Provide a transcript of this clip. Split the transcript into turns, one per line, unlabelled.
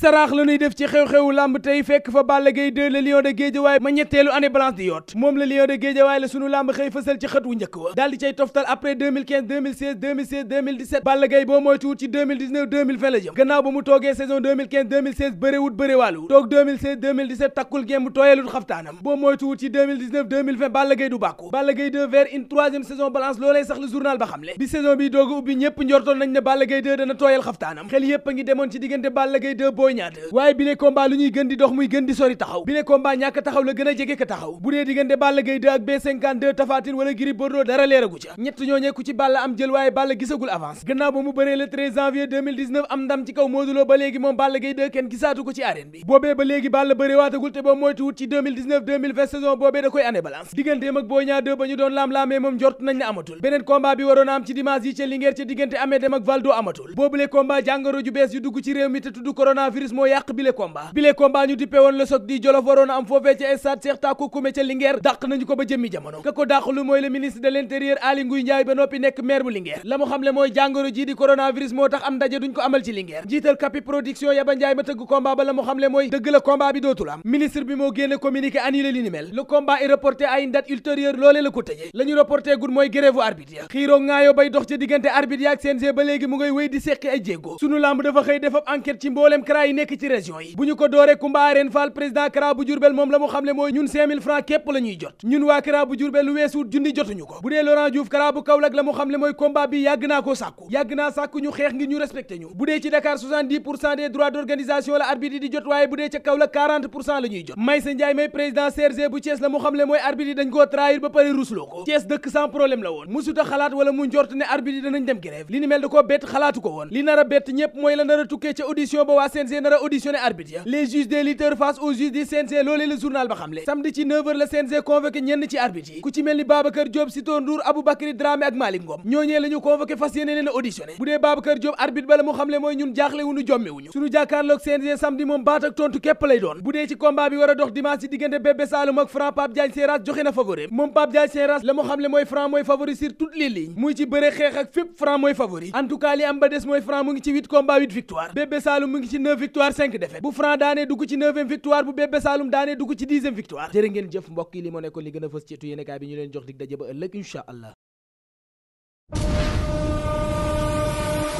saraax la ñuy def ci xew-xewu làmb tey fekk fa Balla Gaye 2 le lion de Guédiawaye ma ñetteelu année blanche di yoot moom le lion de Guédiawaye la sunu làmb xëy fësal ci xët wu njëkk wa daal cay toftal après 2015 2016 2016 2017 Balla Gaye boo moytuwut ci 2019 2020 la jëm gannaaw ba mu toogee saison ci 2019 2020 Balla Gaye du bàkku Balla Gaye 2 vers ba xamle bi saison bi dooga ubbi ñépp njortoon nañ ne Balla Gaye 2 dana tooyal xaftaanam a ngi Boy waaye bile combat lu ñuy gën di dox muy gën di sori taxaw bile combat ñàkk taxaw la gën a jege ka taxaw bu dee diggante Balla Gaye ak B52 Tafatine wala Gris Bordeaux dara leeragu ca ñett ñooñee ku ci Balla am jël waaye Balla gisagul avance gannaaw ba mu bëree le 13 janvier am ndam ci kaw Modou ba léegi moom Balla Gaye kenn gisaatu ko ci arène bi boobee ba léegi Balla bëree waatagul te boo moytuwut ci saison boobee da koy année balance moo yàq bile combat bile combat ñu dippe woon le di jolof waroon am foofee ca stade Cheikh Tako Koumé ca Linguère dàq nañu ko ba jëmmi jamono ka ko dàqlu mooy le ministre de l'intérieur Aly Ngouille Ndiaye ba noppi nekk maire bu Linguère la mu xamle mooy jàngoro ji di coronavirus moo tax am ndaje duñ ko amal ci Linguère njiital Kapi Production Yaba Ndiaye ma tëgg combat ba la mu xamle mooy dëgg la combat bi dootul am ministre bi moo génne communiqué yi nekk ci région yi bu ñu ko dooree Kumba Arène Fall président CRA bu Diourbel moom la mu xam ne mooy ñun 5000 francs képp la jot ñun waa CRA bu Diourbel lu weesuut junni jotuñu ko bu dee Laurent Diouf CRA bu Kaolack la mu xam ne mooy combat bi yàgg naa ko sàkku yàgg naa sàkku ñu xeex ngir ñu respecté ñu bu dee ci Dakar 70 pour cent des droits d'organisation la arbitre yi di jot waaye bu dee ca Kaolack 40 pour cent la ñuy jot Maysa Ndiaye may président CRG bu Thiès la mu xam ne wala mu njort ne arbitre yi danañ xalaatu ko woon li nar a bett ñépp mooy la a tukkee CNG nar a auditionné arbitre ya les juges des lutteurs face aux juges du CNG loolee journal ba xamle samedi ci 9h la CNG convoqué ñenn ci arbitre yi ku ci mel ni Babacar Diop Sitor Ndour Aboubacry Dramé ak Malick Ngom ñooñee la ñu fas yéene leen a bu dee Babacar Diop arbitre ba la mu xamle mooy ñun jaaxle wuñu jomme wuñu suñu jàkkaarloog CNG samedi moom baat ak tontu képp lay doon bu dee ci combat bi war dox dimanche ci diggante Bébé Saloum victoire 5 défaite bu franc daanee dugg ci 9e victoire bu bébé saalum daanee dugg ci 10e victoire jërë ngeen jëf mbokk yi li moo fës ci etu yéenekaay leen jox dig daje ëllëg incha allah